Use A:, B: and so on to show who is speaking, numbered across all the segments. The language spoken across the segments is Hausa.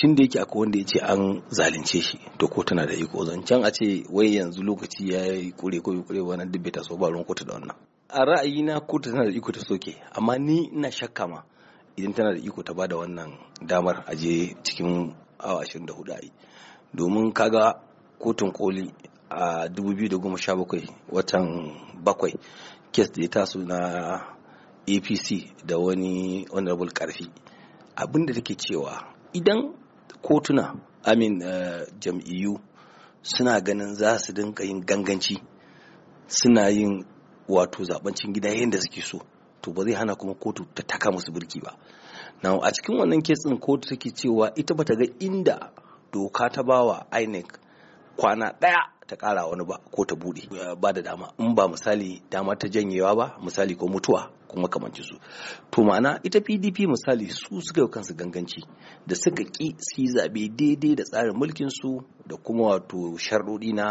A: tun da yake akwai wanda ya ce an zalunce shi to ko tana da iko zancen a ce wai yanzu lokaci ya yi kure ko yi kure wannan duk bai taso ba ruwan kotu da wannan a ra'ayina kotu tana da iko ta soke amma ni ina shakka ma idan tana da iko ta bada wannan damar a je cikin awa 24 a yi domin kaga kotun koli a 2017 watan bakwai kes da ya taso na apc da wani honorable karfi abinda take cewa idan kotuna amin uh, jam'iyyu suna ganin za su dinka yin ganganci suna yin wato zabancin gida yadda suke so to ba zai hana kuma kotu ta taka musu birki ba na a cikin wannan kesin kotu take cewa ita bata ga inda doka ta bawa inec kwana ɗaya ta kara wani ba ko ta buɗe ba da dama in ba misali dama ta janyewa ba misali ko mutuwa kuma kamanci su to ma'ana ita pdp misali su suka yi kansu ganganci da suka ki su zaɓe daidai da tsarin mulkin su da kuma wato sharɗoɗi na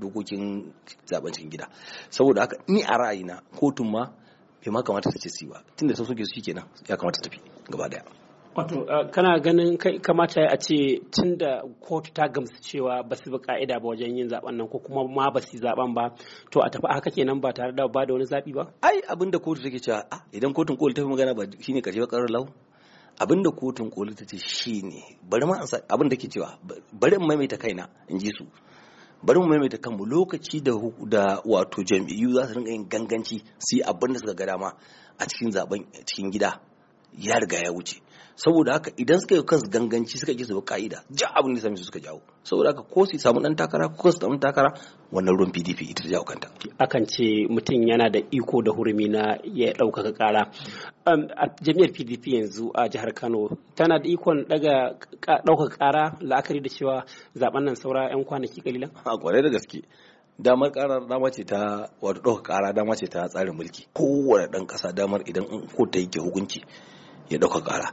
A: dokokin zaben cikin gida saboda haka ni a ra'ayina kotun ma bai ma kamata su ce su yi ba tunda sun suke su kenan ya kamata su tafi gaba daya
B: Wato uh, kana ganin kamata a ce tun da kotu ta gamsu cewa ba su bi ka'ida ba wajen yin zaben nan ko kuma ma ba su zaben ba to a tafi haka kenan ba tare da ba da wani zaɓi ba? Ai abin da kotu take cewa ah, idan kotun koli ta fi magana ba ne karshe ba karar lau abin da kotun koli ta ce shi ne,
A: bari ma abin da ke cewa bari in maimaita kaina in ji su bari mu maimaita kanmu lokaci da da wato jam'iyyu za su rinka yin ganganci su yi abin da suka ga dama a cikin zaben cikin gida ya riga ya wuce saboda haka idan suka yi kansu ganganci suka
B: ji su ka'ida ja abin da sami su suka jawo saboda haka ko su samu dan takara ko su samu takara wannan ruwan PDP ita ta jawo kanta akan ce mutum yana da iko da hurumi na ya ɗaukaka ƙara um, a jami'ar PDP yanzu a jihar Kano tana da ikon daga ɗaukaka ƙara la'akari da cewa zaben nan saura 'yan kwanaki kalilan a kwarai da gaske
A: damar karar dama ce ta wato ɗaukaka ƙara dama ce ta tsarin mulki kowane ɗan ƙasa damar idan ko ta yake hukunci ya ɗauka ƙara